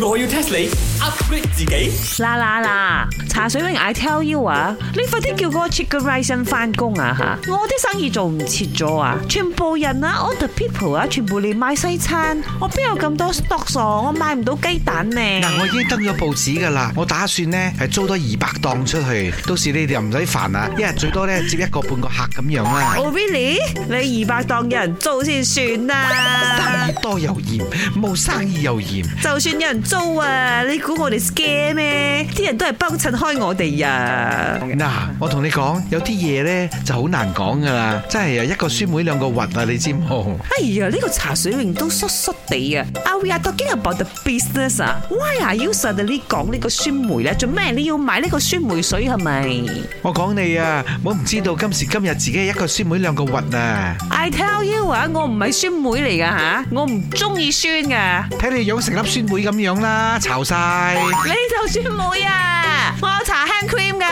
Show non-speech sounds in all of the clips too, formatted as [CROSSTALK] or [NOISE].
我要 test 你 upgrade 自己啦啦啦！茶水榮，I tell you 啊，你快啲叫個 cheaper rising 翻工啊吓！我啲生意做唔切咗啊！全部人啊，all the people 啊，全部嚟賣西餐，我邊有咁多 stock？我賣唔到雞蛋呢？嗱，我已經登咗報紙噶啦，我打算呢，係租多二百檔出去，到時你哋又唔使煩啊。一日最多咧接一個半個客咁樣啦。Oh really？你二百檔有人做先算啦！有沒生意多又嚴，冇生意又嚴，就算有人。租啊！你估我哋 scare 咩？啲人都係幫襯開我哋呀！嗱，我同你講，有啲嘢咧就好難講噶啦，真係啊，一個酸梅兩個核啊，你知冇？哎呀，呢個茶水味都濕濕地啊！We are talking about the business. Why are you suddenly 講呢個酸梅咧？做咩你要買呢個酸梅水係咪？我講你啊，我唔知道今時今日自己係一個酸梅兩個核啊！I tell you 啊，我唔係酸梅嚟噶吓，我唔中意酸噶。睇你養成粒酸梅咁樣。啦，搽晒你就算妹啊，我有搽 hand cream 噶，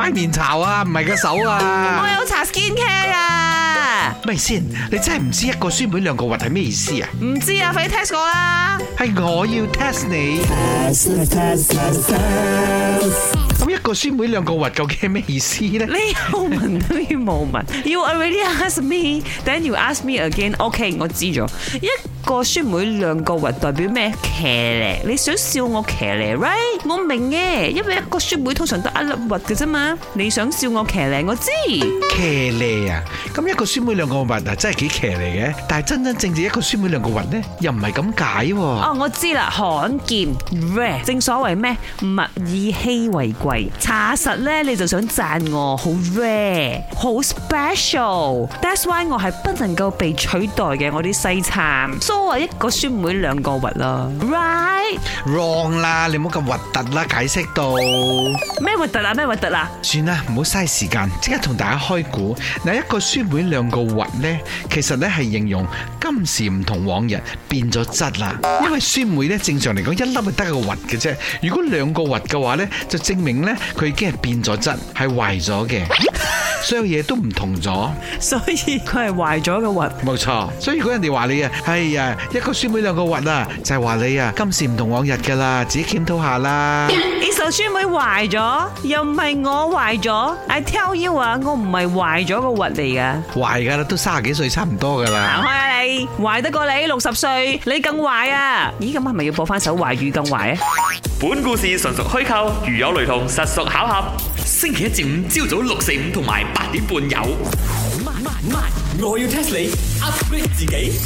塊面搽啊，唔係個手啊，我有搽 skin care 啊，咪先？你真係唔知一個孫妹兩個核係咩意思啊？唔知啊，你快啲 test 我啦，係我要 test 你。咁一個孫妹兩個核究竟係咩意思咧？你有問都要冇問 [LAUGHS] ，You already asked me，then you asked me again，OK，okay, 我知咗一。一個孫妹兩個核代表咩？騎呢？你想笑我騎呢？right？我明嘅，因為一個孫妹通常都一粒核嘅啫嘛。你想笑我騎呢？我知騎呢啊！咁一個孫妹兩個核，嗱，真係幾騎嚟嘅。但係真真正正一個孫妹兩個核咧，又唔係咁解。哦，我知啦，罕見。正所謂咩？物以稀為貴。查實咧，你就想讚我好 rare，好 special。That's why 我係不能夠被取代嘅。我啲西餐。都話一個酸梅兩個核啦，right wrong 啦，你唔好咁核突啦，解釋到咩核突啊？咩核突啊？算啦，唔好嘥時間，即刻同大家開估。嗱，一個酸梅兩個核咧，其實咧係形容今時唔同往日，變咗質啦。因為酸梅咧正常嚟講一粒就得個核嘅啫，如果兩個核嘅話咧，就證明咧佢已經係變咗質，係壞咗嘅，所有嘢都唔同咗。所以佢係壞咗個核。冇錯，所以如果人哋話你啊，哎呀～一個孫妹兩個核啊，就係話你啊，今時唔同往日噶啦，自己檢討下啦。呢首孫妹壞咗，又唔係我壞咗。I tell you 啊，我唔係壞咗個核嚟噶，壞噶啦，都三十幾歲差唔多噶啦。行開啊你，壞得過你六十歲，你更壞啊！咦，咁係咪要播翻首壞與更壞啊？本故事純屬虛構，如有雷同，實屬巧合。星期一至五朝早六四五同埋八點半有。我要 test 你 upgrade 自己。